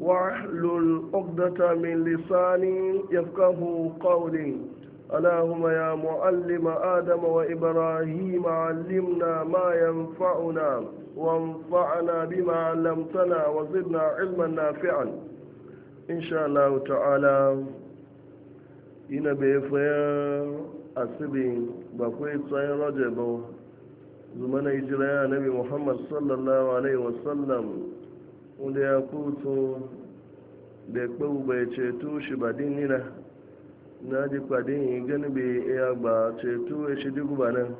واحلل عقدة من لساني يفقه قولي اللهم يا معلم آدم وإبراهيم علمنا ما ينفعنا وانفعنا بما علمتنا وزدنا علما نافعا إن شاء الله تعالى ina bai faya asibin bakwai tsayin rajabau zuma na hijira ya nabi muhammad sallallahu alaihi wasallam wanda ya kuto da kpau bai ceto shi ba din nina na ji kwadin yi gani bai iya ba ceto ya shi digu ba nan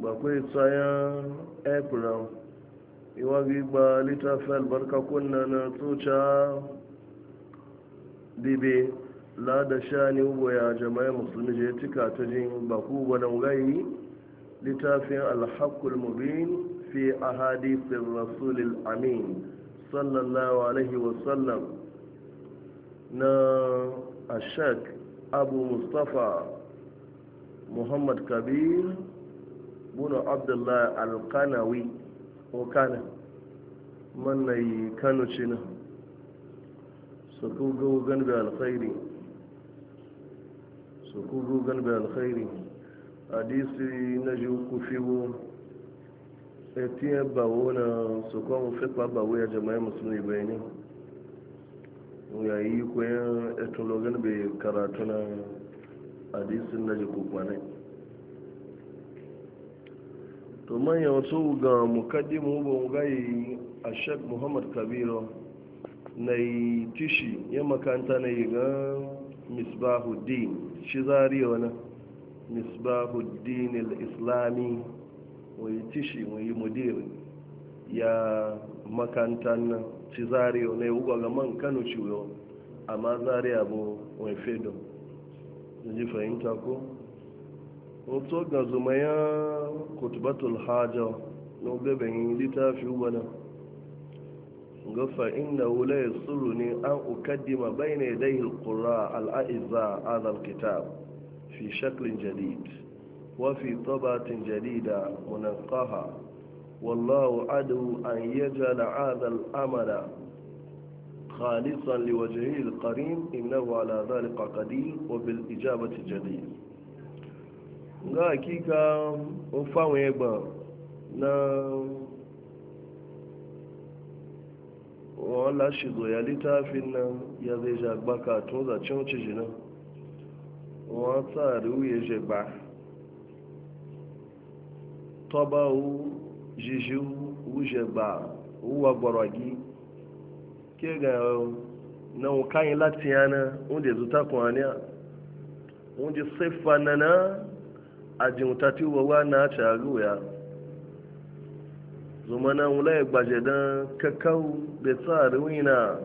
ba kwai tsayan april iwa gbigba littafin albarka kunna na tsoca dibe sha ni ugbo ya jama'a musulmi je tika ta jin baku gwadon gayi littafin alhakul mubin fi ahadithin rasulil amin sallallahu alaihi wasallam na ashek abu mustapha muhammad kabir bunu abdullahi alkanawi okana mannayi kano cina su kugu ganbe alkhairi su kugu ganbe alkhairi hadisi na ji wo tiye bawo na su kwan fikwa bawo ya jama'i musulmi bai ne ya yi kwayan etologan bai karatu na hadisin na jikukwanai to manya wasu ga mukaddimu ban gai a shek muhammad kabiru na yi tishi ya makanta na yi ga misbahuddin shi zariya wani misbahuddin al-islami wai tishi mudiri ya makantan nan ci zariyo na ga man kano ciwo amma zariya bu wai fedo ji fahimta ko wato ga zumaya kutubatul hajja na gaban littafi wani ga fa'in da ya tsuru ne an ukaddima bai ne dai al'a'iza azal kitab fi shaklin jadid وفي طبعة جديدة منقها والله عدو أن يجعل هذا الأمل خالصا لوجهه القريم إنه على ذلك قدير وبالإجابة جديد ga hakika ofawon egba na wọn lashe zoya littafin nan ya zai jagbaka tun zacen cijina wọn tsari wuye jagba tọba wu jiji wuje ba wuwa gwarwagi ke ga na wukayi lati yana wunde zuta kwaniya wunde siffa na na ajimutati wawa na cagu ya zuma na wula ya gbaje don kakau da tsari wina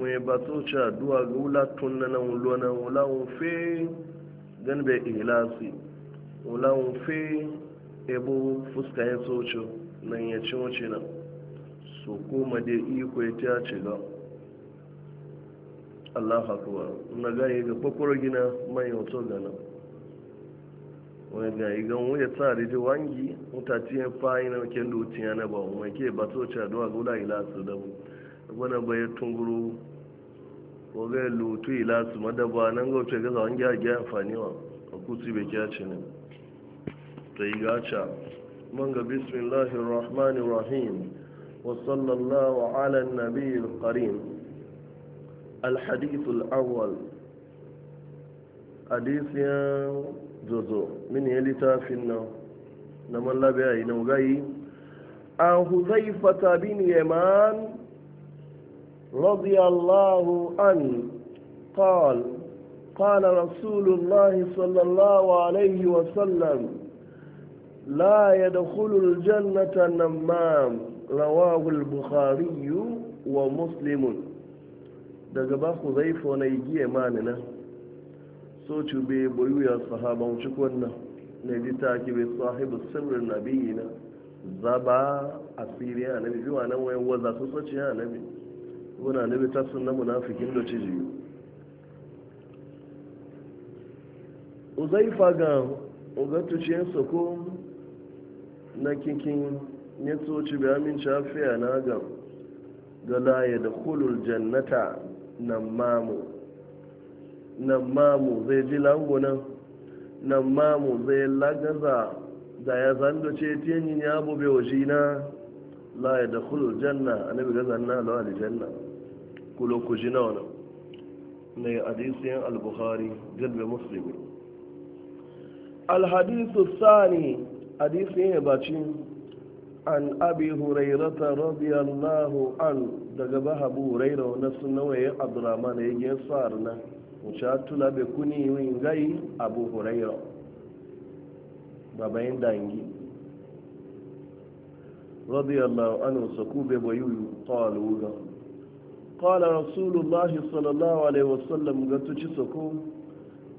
wani ba to ca duwa ga wula tun na na wulona wula wufe gan bai ihlasi wulan fe ebo fuska ya socho na ya ci wuce nan su kuma da iko ya ta ci ga Allah hakuwa na gaye ga kwakwaro gina mai wato gana wani gaye ga wuya tsari da wangi mutatiyan fayi na kyan dutiya na ba mai ke ba to ci aduwa gula ila su da mu wani bayan tunguru ko ga lutu ila su madaba nan ga wuce gaza wangi a gya amfani wa a kusi bai kya ci ne ta yi gaca manga bismillahir rahmanir rahim wa sallallahu ala nabiyil الحديث الأول حديث جزء من يلتا في النوم نما الله بأي نوغي عن حذيفة بن يمان رضي الله عنه قال قال رسول الله صلى الله عليه وسلم La ya الجنة النمام رواه البخاري ومسلم daga ba ku zaifo na igiye manina so cube boyuya sahaban cikon nan na ji ta kibe sahibu sirrin nabiyi na zaba asiri a nabi biwa nan wayan waza su sace a nabi wuna nabi ta sun na munafikin da ci jiyu uzaifa ga ugattuciyar na kinkin ya tsoci bai amince fiya na ga gala ya da kulul jannata nan mamu nan mamu zai ji langunan nan mamu zai lagaza da ya zando ce tiyanyin ya bube wa shi na la ya da kulul janna a nabi gaza na lawa da janna kulo ku ji na wani ne hadisiyan al-bukhari musulmi al-hadisu Sani. hadisi ne baci an abi hurairata radiyallahu an daga bahabu huraira wani sunawaye abdurrahman ya yi sa'ar na wuce tula bai kuni yin gai abu huraira babayin dangi radiyallahu an su kube bayuyu kawalu ga kawala rasulullahi sallallahu alaihi wasallam ga tuci sako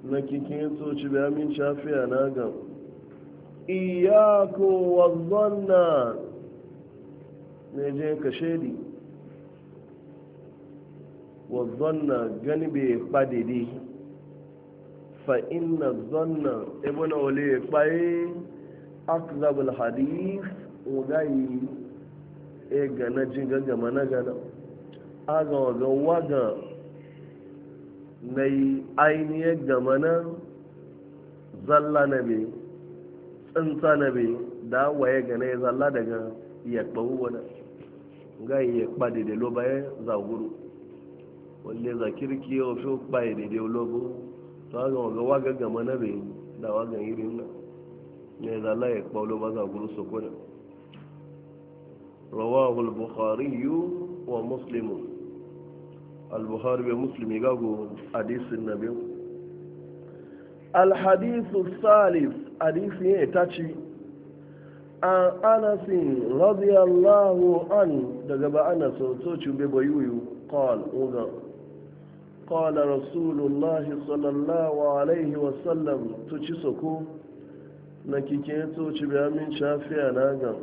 na kikin soci bai amin shafiya na gan iyakun wazanna ne je ka shaidi wazanna gani bai kpadidi fa inna zanna ibn wale kpaye akzabul hadith ugayi e gana jin gaggama na gana aga waga waga na yi ainihin gama na zalla na biyu tsantsa na bai da waye gane ya zalla daga ya kpawu wani ga ya kpa daidai lo bayan guru wanda za kirki yau fi kpa daidai lo bu to haka waga waga gama na bai da waga irin na ya zalla ya kpa lo ba zaguru su kuna rawahu al-bukhari wa muslimu al-bukhari wa muslim gago hadisin biyu. alhadisu salif hadisi ne ta ci an anasin radiyallahu an daga ba ana sautoci beba yuyu kawal ugar kawal rasulullahi sallallahu alaihi wasallam ta ci soko na kike to ci bi amin shafiya na gan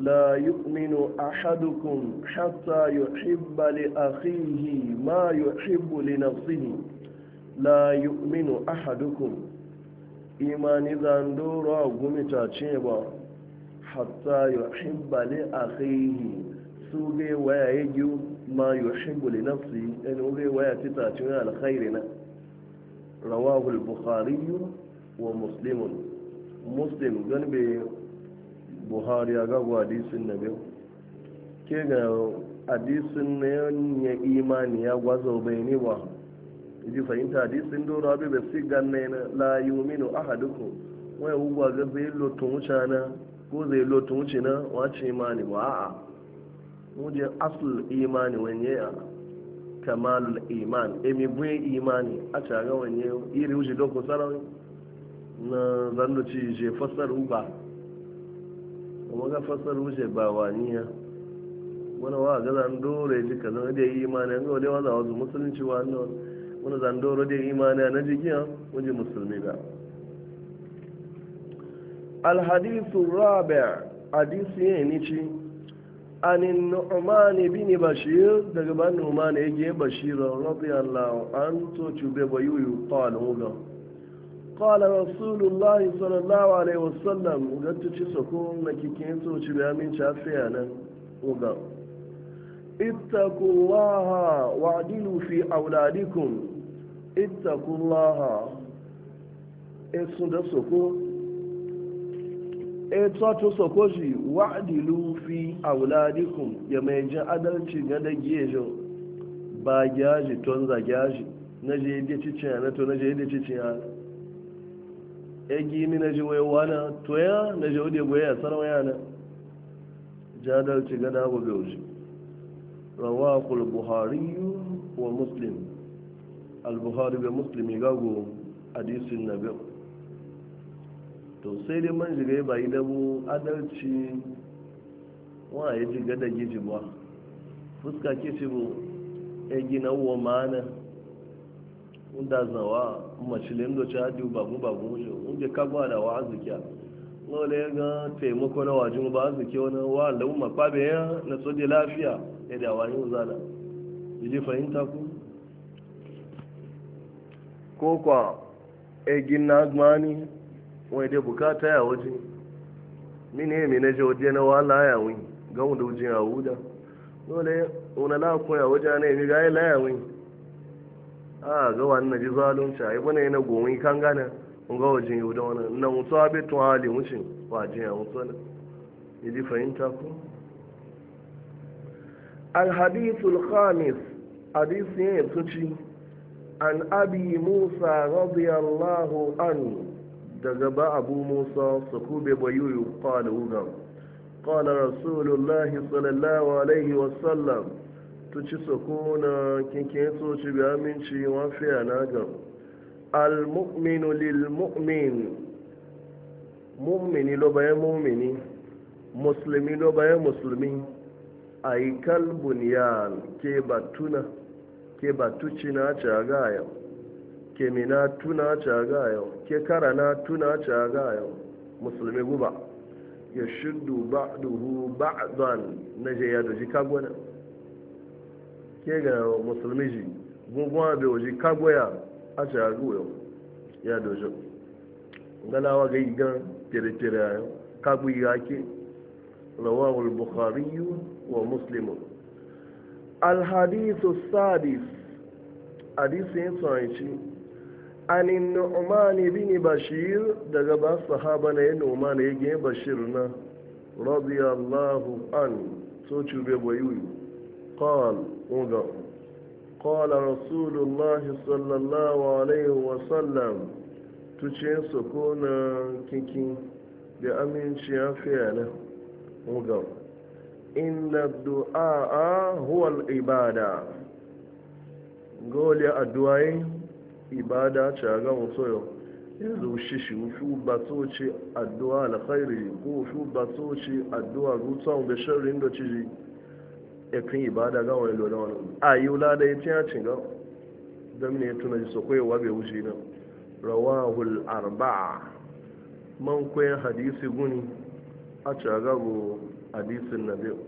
la yu'minu ahadukum hatta yuhibba li akhihi ma yuhibbu li nafsihi la yu'minu ahadukum imani zandoro a gumita ce ba hatta yuhibba li akhihi su bai waya ya ma yuhibbu li nafsi in bai waya tita cin alkhairi na rawahul bukhari wa muslim muslim ganbe bai buhari ya gagwa hadisin na biyu ke ga hadisin na ya imani ya gwazo bai ne ba ji fahimta hadisin dora bai bai si ganna na la aha ahadukum wai ugwa ga zai lotun wuce na ko zai lotun wuce na wace imani ba a'a muje asul imani wanye a kamalul iman emi imani a caga wanye iri wuce doko sarari na zanduci je fasar uba kuma ga fasar wuce ba waniya wani wa ga zan ji ka da imani musulunci wa wani wani zandoro da imani na jigiya wajen musulmi ba. alhadisu rabia hadisi yin nici anin nu'mani bin bashir daga ban nu'mani yake bashir radiyallahu an to cube bayuyu qala muga qala rasulullahi sallallahu alaihi wasallam gatu ci sako na kikin to cube amin cha fiya nan muga ittaqullaha wa'dilu fi awladikum ittaqullaha esun da soko fi auladikum ya mai jin adalci ga da gejo ba gyaji ton za gyaji na cicin cicin wa muslim al-buhari bai musulmi gago hadisin na biyu to sai dai man jirai ba yi damu adalci wa ya ji gada giji ba fuska ke ci bu ya gina wa ma'ana inda zawa mashilin da ci hadi babu babu shi inda ka da wa arzikiya wale ga taimako na wajen ba arziki wani wa lauma kwabe ya na soje lafiya ya da wani zana ji fahimta ku ko kwa egin na agmani wai bukata ya waje mine mi na je na wala ya ga wanda ya wuda dole una la ya waje ne mi ga la ya a ga na ji zalunci bane na gomi kan gana mun ga waje ya wuda wannan na abe hali ya ne ji fahimta ko al hadithul khamis an abi musa radiyallahu an daga ba abu musa su kube bayuyu kwada wugan kwada rasulullahi sallallahu alaihi wasallam tuci sukuna kinkin soci bi aminci wafiya na gan al-mu'minu lil-mu'min mu'mini lo bayan mu'mini muslimi lo bayan musulmi a yi kalbun ke batuna ke batuci na a yau ke mina tuna a yau ke kara na tuna a yau musulmi guba ya shuddu ba'duhu ba'dan na je ya doji kagwana ke ga musulmi ji gungun abin oji kagwaya a a yau ya dojo galawa ga igan tere-tere yau kagwi ya lawawar buhari yi wa Musulmi. alhadithu sadis hadisi yin suna ci ani nu'mani bin bashir daga ba sahaba ya yi nu'mani ya gini bashir na radiyallahu an so ci be boyi wuyi kawal ugan kawal rasulullah sallallahu alaihi wasallam tuce sokona kinkin da aminci ya fiye na ugan inna du'a huwal ibada gole addu'ai ibada ce ga mutoyo yanzu shi shi fi bato ce addu'a alkhairi ko fi bato ce addu'a rutan da sharrin da ciji ya kan ibada ga wani lona wani a yi wula da ya tiya cin don ne tuna ji sakwayewa bai wuce nan rawahul arba'a man kwayan hadisi guni a cagago hadisin nabi'u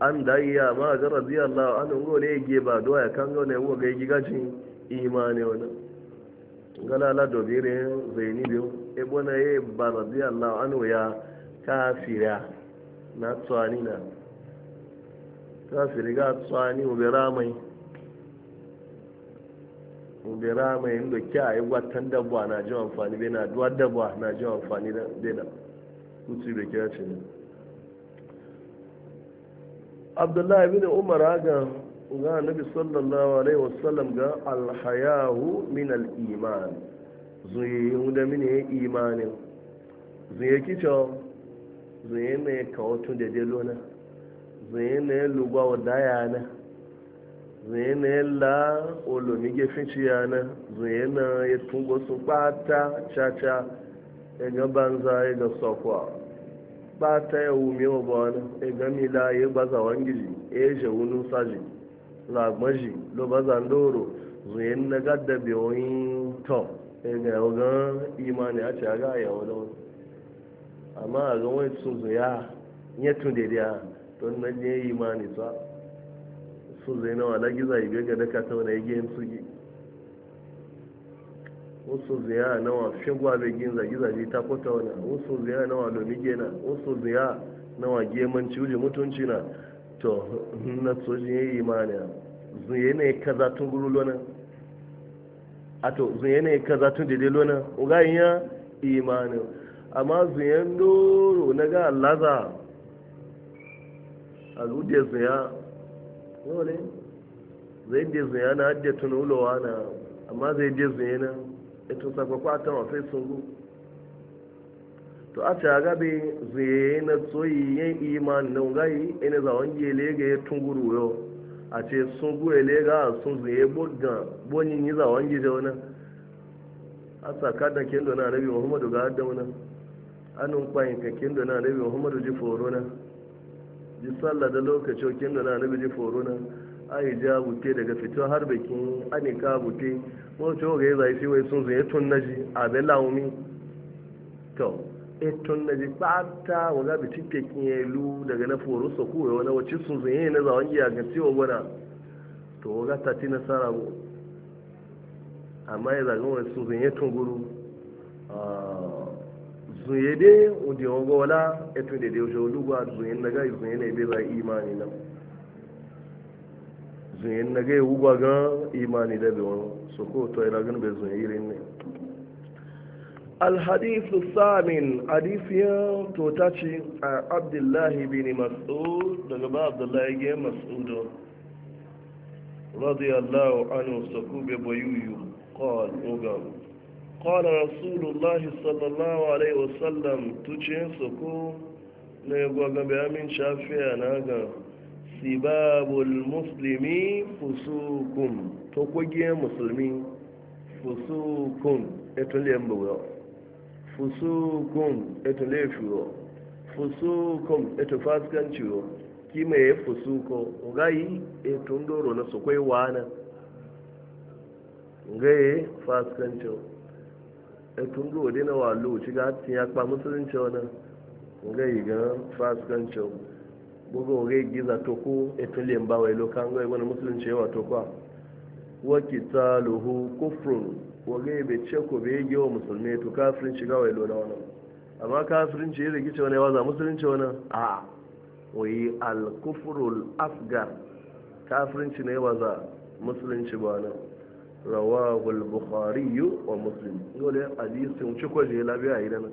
an da iya ma ga radiyallahu anhu ngole ge ba do ya kan ngone wo ga giga cin imani wona ngala la do zaini biyu e bona e ba radiyallahu anhu ya kafira na tsani na kafiri ga tsani ubera mai ubera mai ndo kya ai e watan dabwa na ji amfani be na duwa dabwa na ji amfani da dena kutu be kya cin abdullahi bin umar ga ga nabi sallallahu alaihi wasallam ga alhayahu min al-iman zuyi da mini imanin zuyi kicho zuyi ne kawotu da lona zuyi ne lugwa wa dayana zuyi ne la olomi gefinciyana zuyi na ya tungo su kpata caca ya ga banza ya ga sokwa ba ta wu mewa ba wani e gami la ya baza wangili e je wunu saji la maji lo baza ndoro zuyen na gada be wani to e ga yau ga imani a ce ga da wani amma a ga wani sun zuya ya tun daidai a don na je imani ta su zai na wala giza ibe ga daga ta wani game su gi wasu ziya na wa shagwa gin zage-zage ta kwata wani wasu ziya na wa lomige na wasu ziya na wa gemanci wuce mutunci na to na tsoji ya yi imani zuye ne kaza tun guru lona a to zuye ne kaza tun lona ugayen ya imani amma zuyen doro na ga laza a zuɗe zuya yau ne zai je zuya na hajjatun ulowa na amma zai je zuya na ito sakwakwa ta fẹ́ sun to a ta gabe zai na tsoyi yin imani na ngayi ina za wani yele ga ya tunguru yau a ce sun gu yele ga sun zai ga ní yi za wani da wani a saka da kendo na rabi muhammadu ga adda wani anun kwayin ka kendo na rabi muhammadu ji foro jí ji sallah da lokacin kendo na rabi ji foro na a yi ja bute daga fito har bikin ká bute wọ́n tí ó zai shi wai sun zai ètò naji a bai laumi to e tun naji tsata wa ga bi tike lu daga na foro so kuwa wani wacce sun zai na zawon giya ga ciwo gwana to wa ga ta ci nasara mu amma ya zaga wani sun zai tun guru zuye dai ujiyogola etu da da yaushe olugwa zuye na ga zuye na zuyen na gaya wuba ga imani da bewon su ko to ina gan bai zuyen irin ne alhadithu samin hadisiyan to ta ce a abdullahi bin mas'ud daga ba abdullahi ga mas'ud radiyallahu anhu su ku bai bayuyu qal uga qala rasulullahi sallallahu alaihi wasallam tuce su ku na gwa ga bai amin shafiya na ga sibabul muslimi fusukun to kogiyar musulmi fusukun etunle mbuwa fusukun etunle shuro fusukun e etu e faskan ciro ki mai fusuko ngayi etun doro na su kwai wana ngaye faskan ciro etun doro dina wa lo ci ga tiya kpa musulunci wana ngayi ga faskan ciro bugu ga giza to ko etuliyan bawai lokan ga wani musulunci yawa to kwa wa qitaluhu kufrun wa ga be ce ko bai yi wa musulmi to kafirin shiga wai lona wannan amma kafirin ce yake ce wani waza musulunci wani a wai al kufrul asgar kafirin ce ne waza musulunci ba nan rawahu al yi wa muslim dole hadisin ci ko je labiya idan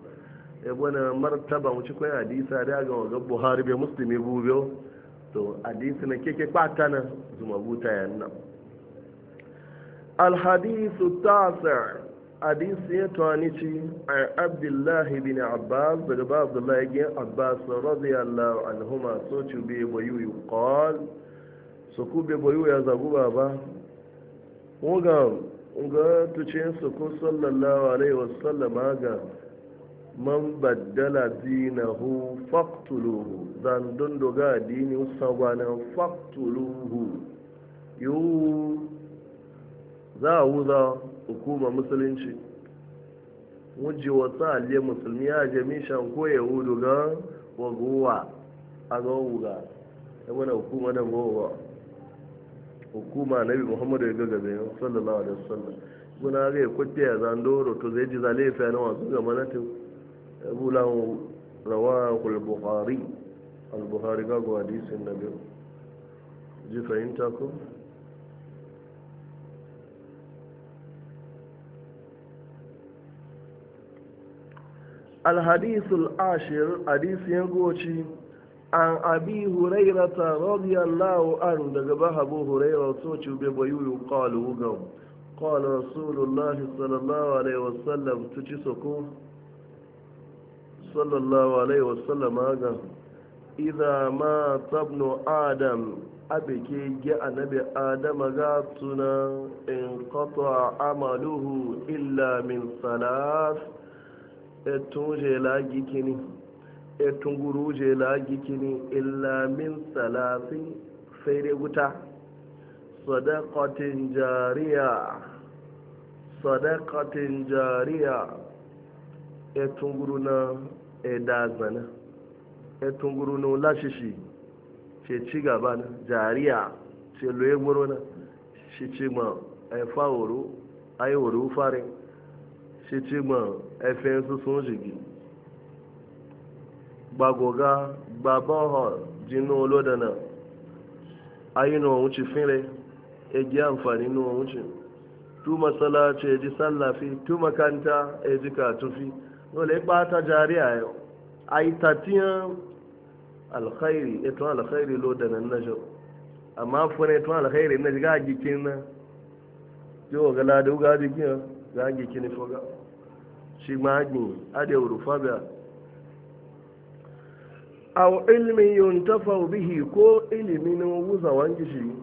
ya bana martaba mu ci kwayan hadisa da ga ga buhari bai muslimi gubiyo to hadisi na keke kwata na zuma buta ya nan alhadisu tasir hadisi ya tawani ci a abdullahi bin abbas daga ba abdullahi bin abbas radiyallahu anhuma so ci be bayu yuqal so ku be bayu ya zagu baba mu ga ga tuce su ku sallallahu alaihi wasallama ga man baddala dinahu faktuluhu zan don doga dini sagwanan faktuluhu yiwu za a wuza hukuma musulunci wujji wasu aliyu musulmi ya jami shan ko yahudu ga wagowa a ga wuga ya mana hukuma da gowa hukuma nabi muhammadu ya gagabe sallallahu alaihi wasallam guna ga ya kwafiya zan doro to zai ji zalefa na wasu ga manatin abu lahun rawahul buhari al-buhari gago hadisin na biyu ji fahimta ko الحديث العاشر حديث ينقوشي عن أبي هريرة رضي الله عنه لقبها أبو هريرة صوتي ببيو يقال وقوم قال رسول الله صلى الله عليه وسلم تجسكم صلى الله عليه وسلم هذا إذا ما تبن آدم أبكي جاء نبي آدم غاتنا انقطع عمله إلا من ثلاث اتنجي لا جيكني اتنجروجي لا جيكني إلا من ثلاث فيرغتا صدقة جارية صدقة جارية اتنجرنا da zana ya tunguru na lashishi ce ci gaba na jariya ce loye na shi ci ma aifa wuru ai wuru fare shi ma aifen su sun jigi gbagoga gbaban hall jinu olodana ayyuna wa wuce fire egi amfani nuwa wuce tu masala ce ji sallafi tu makanta e ji katufi dole ba ta jariya yau a yi tafiyan alkhairi eto alkhairi lo da nan najo amma fune eto alkhairi na ga gikin na yo ga la duga gikin ga gikin foga shi magi ade urufa ba aw ilmin yuntafa bihi ko ilimin wuza wangi shi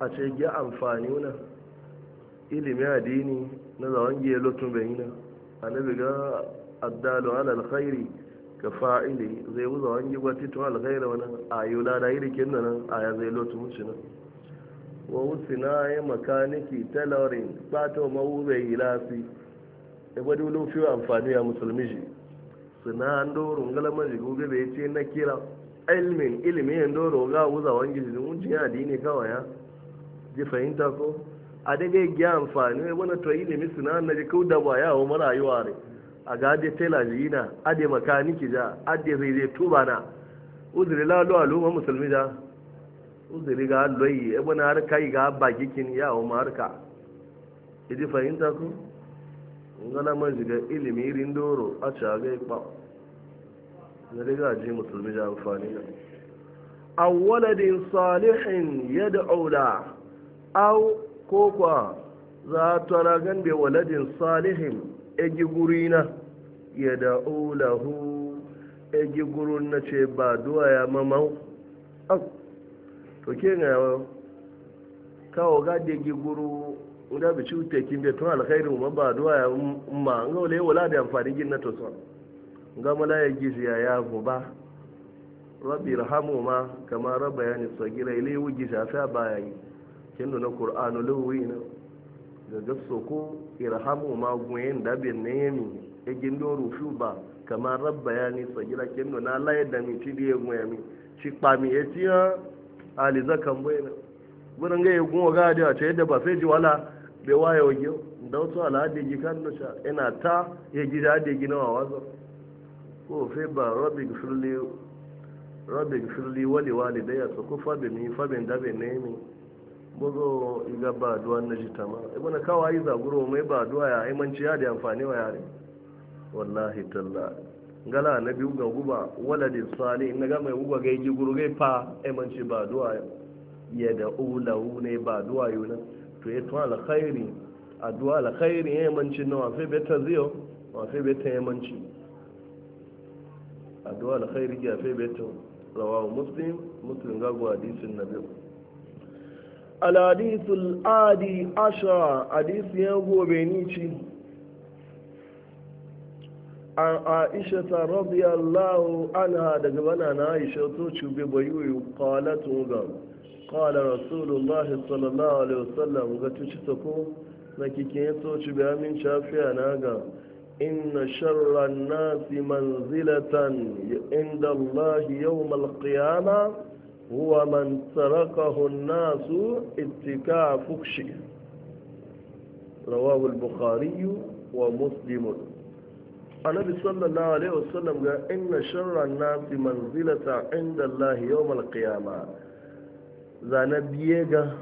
a ce ga amfani na ilimin addini na zawangi lotun bayina annabi ga addalu ala alkhairi ka fa'ili zai wuza wangi gwati to alkhairi wani ayu da iri kin nan aya zai lotu mutu nan wa na? ya makaniki tailoring bato mawube hilasi ya gwadi fi amfani ya musulmi shi suna an doro ngalaman shi gobe bai ce na kira ilmin ilmin ndoro, doro ga wuza wangi shi mun ji addini kawai ya ji fahimta ko a daga gya amfani wani to ilimi suna na ji kau da ba yawo mara yi ne a ga ade tela jina ade makaniki da, ade zai zai tuba na uzuri la lo aluma musulmi da? uzuri ga loyi ebe na harka yi ga baki kin ya o marka idi fahimta ku ngana man jiga ilimi irin doro a ci aga ikpa na riga ji musulmi da amfani da A waladin salihin yadda aula au ko kwa za tara ragan da waladin salihin egi guri na ya daulahu. lahu egi gurun na ce ba duwa ya mamau au to ke kawo gadi egi guru da bi ci utekin kin tun alkhairu ma ba duwa ya umma ga wale wala da amfani gin na to ga mala ya gizi ya ya ba rabbi rahamu ma kama rabbayani sagira ilai wujisa sa baya yi kin na qur'anu na daga soko irhamu ma gwen da bin ne yemi e gindo rufu ba kama rabba ya ni tsagira kendo na laye da mi ti biye gwen mi ci kpami e ti ha ali zakan bwena bunan ga yugo ga da ta yadda ba sai ji wala Bai waye ogiyo da wasu al'adi gi kan nusa ina ta ya gida adi gi na wazo ko fe ba rabbi gfirli rabbi gfirli wali walidayya su kufa bi mi fa bin da bin ne mi bugo iga ba duwa na ji tama ibana kawai yi zaguro mai ba duwa ya aimanci ya da amfani wa yare wallahi talla gala na biyu ga guba waladi sali in ga mai guba gai giguru gai fa aimanci ba duwa ya da ulawu ne ba duwa yi nan to ya tuwa alkhairi a duwa alkhairi ya aimanci na wafe beta ziyo wafe beta aimanci a duwa alkhairi ya fe beta rawa muslim muslim gagwa hadisin na biyu aladisul adi asha hadisi ya gobe ni ci an aisha ta radiyallahu anha daga bana na aisha to cube bayu qalatun ga qala rasulullah sallallahu alaihi wasallam ga tuci sako na kike to cube amin shafiya na ga inna sharra an-nasi manzilatan inda allah yawm al-qiyamah huwa man tarakahu nasu ittika fukshi rawahu al-bukhari wa muslim annabi sallallahu alaihi wasallam ga inna sharra nasi manzilata inda Allah yawm al-qiyama na biye ga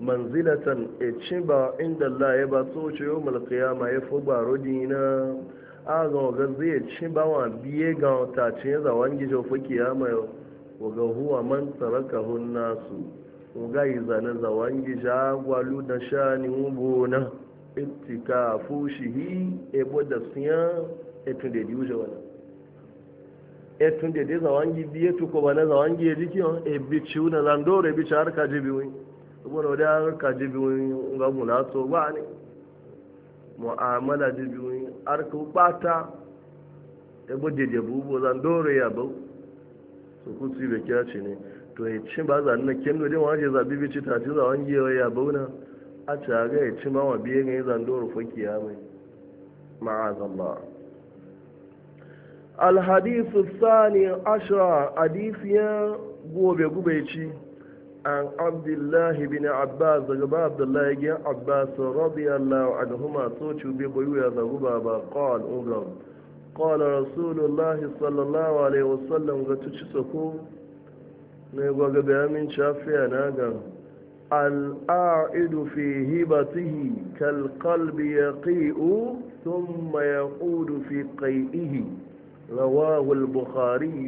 manzilatan e ciba inda Allah ya ba so ce yawm al-qiyama ya fi baro dina a ga waga zai ci bawa biye ga tacin za wangi jau fuki ya mai waga huwa man tsaraka hun nasu waga yi zane za wangi jagwalu da ni ubona ittika hi, ebo da siya etun da diuje wani etun da dai za wangi biye tuko bana za wangi ya jiki ebi ciwu e na zandoro ebi ci harka jibi wani saboda wadda harka jibi wani ga mulato ba ne mu'amala jibi wani arka bata ebo jeje bu bo ya bau so ku si ci ne to e cin ba na kendo de wa je bibi ci ta ci za ya bau na a ta ga e cin ba wa biye ga zan dore fa kiya mai ma'azallah الحديث الثاني عشر حديث يا غوبي غوبيتشي an abdullahi bin abbas daga ba abdullahi gin abbas radiyallahu anhuma so cube boyu ya zagu ba ba qal ungam qala rasulullahi sallallahu alaihi wasallam ga tuci soko ne ga ga bayamin shafiya na ga al a'idu fi hibatihi kal qalbi yaqi'u thumma yaqudu fi qai'ihi rawahu al-bukhari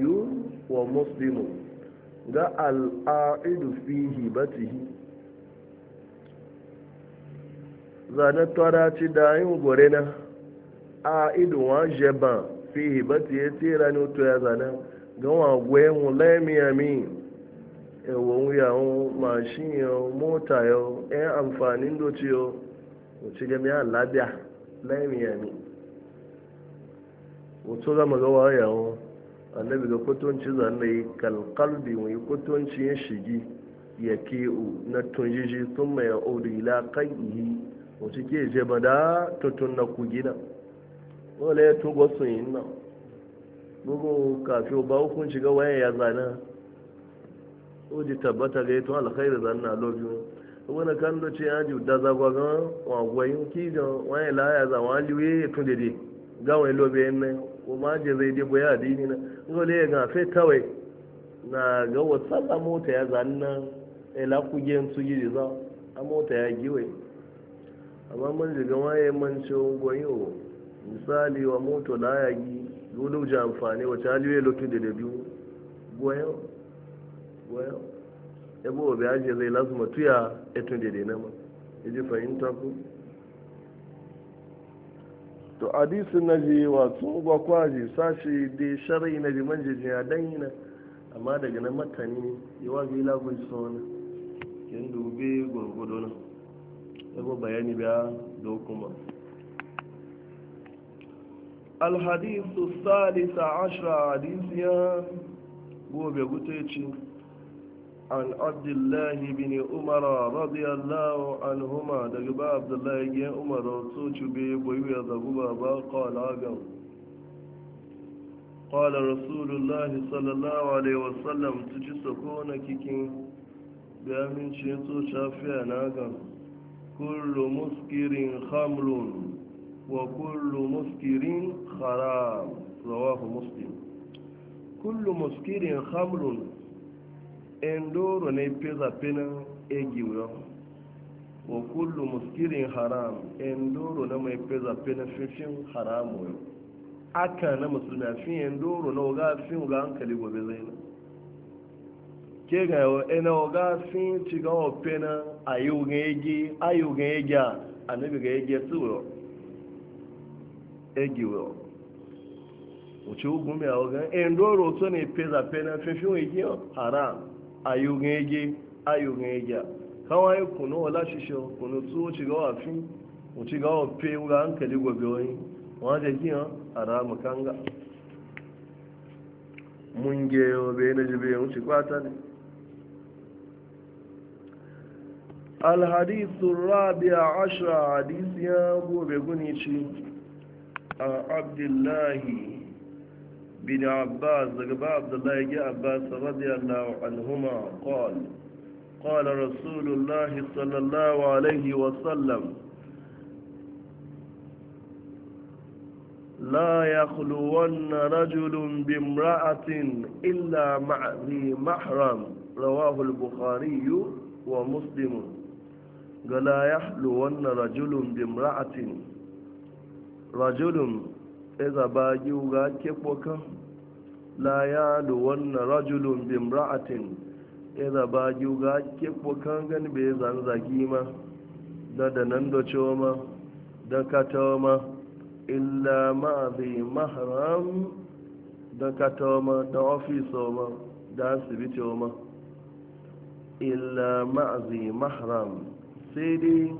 wa muslimu ga al'a'idu fi hibatihi zanen tara ci da yin gore na a'idu wa jeban fi hibati ya tera ni otu ya zane ga wa gwe mu laimiyami ewon yawon mashin yau mota yau yan amfanin doci yau wuce gami ya labiya laimiyami wuce zama gawa yawon annabi ga kwatonci zanne kalkalbi mai kwatonci ya shigi ya ke'u na tunjiji sun mai ya'udu ila kan ihi wasu ke ba da tutun na ku gina wala ya tuba sun yi nan bugu kafin ba hukun shiga waya ya zana oji tabbata ga yato alkhairu zanna lobi wani kan da ce yaji da zagwagan wagwayin kijin wani laya za wani liwe ya tun dede gawai lobi yin nan ko ma je zai dai ya dini na ngole ya gafe kawai na ga wasalla mota ya zanna ila e su yi za a mota ya giwe amma man jiga waye man ce goyo misali wa moto na ya gi dole ji amfani wace haliwe lokacin da da biyu goyo goyo ebe obi aje zai lasu tuya etun da da nama ya ji fahimta ku to hadisin na je wato ba kwaje sashi da shari'i na je manje je a dan yana amma daga na matani yawa wa ila gun sona kin dube gurgudu na yabo bayani ba do kuma الحديث الثالث عشر حديث ya gobe guteci عن عبد الله بن عمر رضي الله عنهما دغبا عبد الله بن عمر سوچ بي بوي دغبا قال اغم قال رسول الله صلى الله عليه وسلم تجي سكون كيكين بامن شي تو شافيا ناغم كل مسكر خمر وكل مسكر خراب رواه مسلم كل مسكر خمر endoro na epeza pena egiwo wa kullu muskirin haram endoro na ma-epeza pena fifin haramu yau aka na musulmi fin endoro na oga fin ga hankali gobe zai na ke ga yau ena oga fin ci ga wa pena ayu ga egi ayu ga egi anabi ga egi su yau egiwo uchi ugu mi a oga endoro to na epeza pena fifin egiwo haram ayungege ayungege kawai kuno wala shisho kuno tso ci ga wafi mu ci ga wafe ga hankali gobe kanga mun ge be na jibe mu ci kwata ne الحديث الرابع عشر حديث يا أبو بغنيشي عن a Abdullahi بن عباس دقب عبد الله بن عباس رضي الله عنهما قال قال رسول الله صلى الله عليه وسلم لا يخلون رجل بامرأة إلا مع ذي محرم رواه البخاري ومسلم قال لا يخلون رجل بامرأة رجل iza ba giwuga kekwokan la ya wannan rajulun ra'atin. iza ba giwuga kekwokan gani bai zanzagi ma da da nan da ma da katawa ma illa ma zai maharam da katawa ma da ofisa ma da asibiti ma illa ma zai maharam sai dai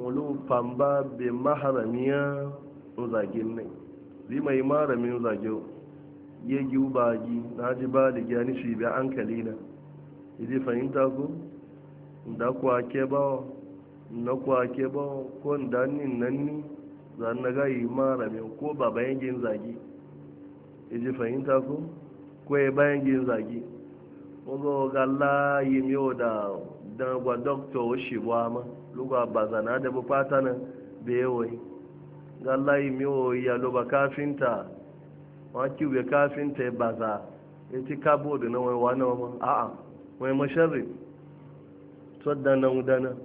wani famba bin maharamiya zagin ne zai mai mara min zage ya gi ubagi na ji ba da gani shi bi an kalina zai fahimta ku da kwa ke ba na kuwa ke ba ko da nin nan ni zan na ga yi mara min ko ba bayan gin zage ji fahimta ku ko ya bayan gin zage ko ga layi yi miyo da dangwa doktor shi ba ma lugwa bazana da bukata na bewai ga layi miwo ya loba kafinta wa kiwe kafinta ya baza ya ci kabo da na wai a wa a'a wai masharri tsadda na udana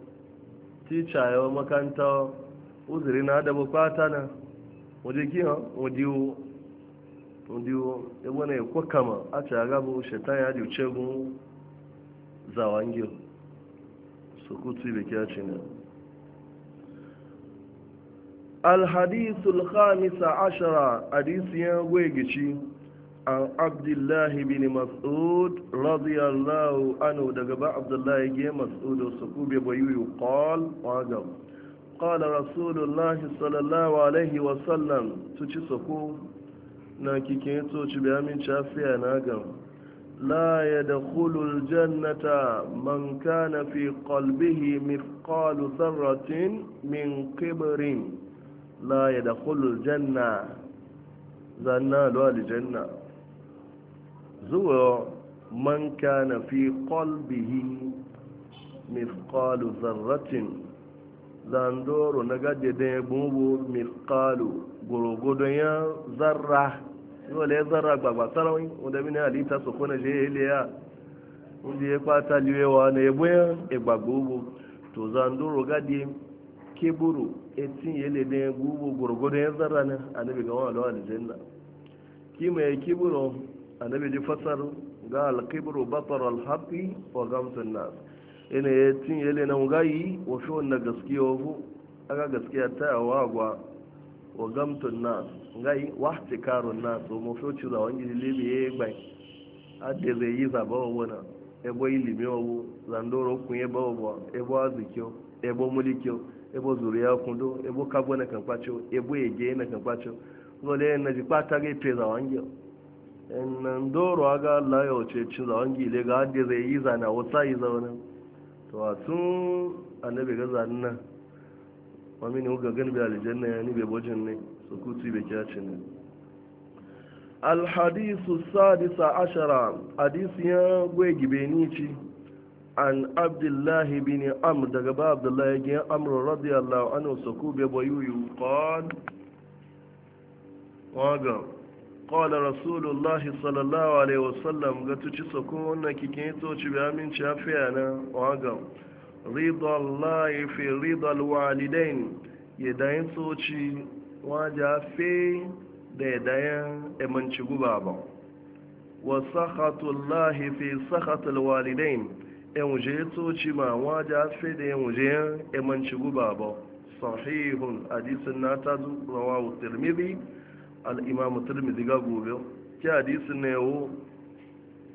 tica ya makanta uzuri na da bukata na waje kiyan wadiwo wadiwo ya wani ya kwakama a ci bu shaitan ya ji cegun zawangil su kutu ibe kya ce na الحديث الخامس عشر حديث يغيغشي عن عبد الله بن مسعود رضي الله عنه دغبا عبد الله بن مسعود وسكوب بيو قال واجب قال رسول الله صلى الله عليه وسلم تشي سكو ناكي كيتو تشي بامين شافيا ناغم لا يدخل الجنة من كان في قلبه مثقال ذرة من كبر la ya da hulul janna zanna lo janna zuwa man kana fi qalbihi mithqalu dharratin zandoro na gaje da bubu mithqalu gorogodo ya zarra dole le zarra gbagba sarawin wanda mini halitta su kuna je iliya wanda ya kwata liwewa na ya buyan igbagbo to zandoro gaje kiburu etin yele ne gugu gurgudu ya zarra ne annabi ga wani lawa aljanna kima ya keburu annabi ji fasar ga alkeburu batar alhaqi wa nas ina ya yele na ngayi wa fi wannan gaskiya wa aga gaskiya ta yawa gwa wa gamsun nas ngayi wa tikarun nas mu fi ya gbai yi zaba ebo ilimi zandoro ebo azikyo ebo ebo zuriya kundo ebo kagbo na kan kwacho ebo eje na kan kwacho ngole na ji pata ge te za wangi en nan doro aga la yo che chi za wangi le ga de re yi zana wata yi zauna to a tun annabi ga zanna wa min ga gan bi aljanna ya ni be bojin ne so ku ti be kya cin ne الحديث السادس عشر حديث يا غوي جبينيتي عن عبد الله بن عمرو دغبا عبد الله بن عمرو رضي الله عنه سكوب يبو قال واغم قال رسول الله صلى الله عليه وسلم غتشي سكون كيكيتو تشبي امين شافي انا واغم رضا الله في رضا الوالدين يدين سوتشي واجا في ديدايا امنشي بابا وسخط الله في سخط الوالدين yan wuje toci ma waja sai da yan wuje yan emanci guba ba sahihun hadisin na ta rawa wa tirmidhi al tirmidhi ga gobe ki hadisin ne wo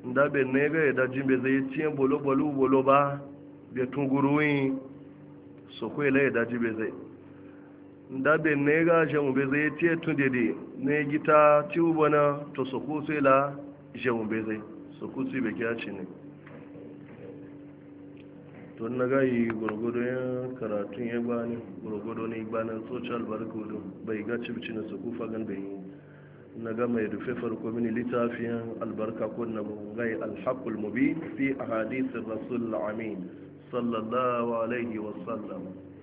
nda be ne ga da jimbe zai tiyan bolo bolo bolo ba be tunguruin so ko ile da jibe zai nda be ne ga jamu be zai tiye tun dede ne gita tiwo bana to so ko sai la jamu be zai so ko sai be kiyaci ne to na gayi gwargwado ya karatun ya gbani gwargwado ne gbanin social barcode bai ga cibci na su kufa gan bai na ga mai rufe farko mini littafin albarka ko na gai alhaqul mubin fi ahadith rasul amin sallallahu alaihi wasallam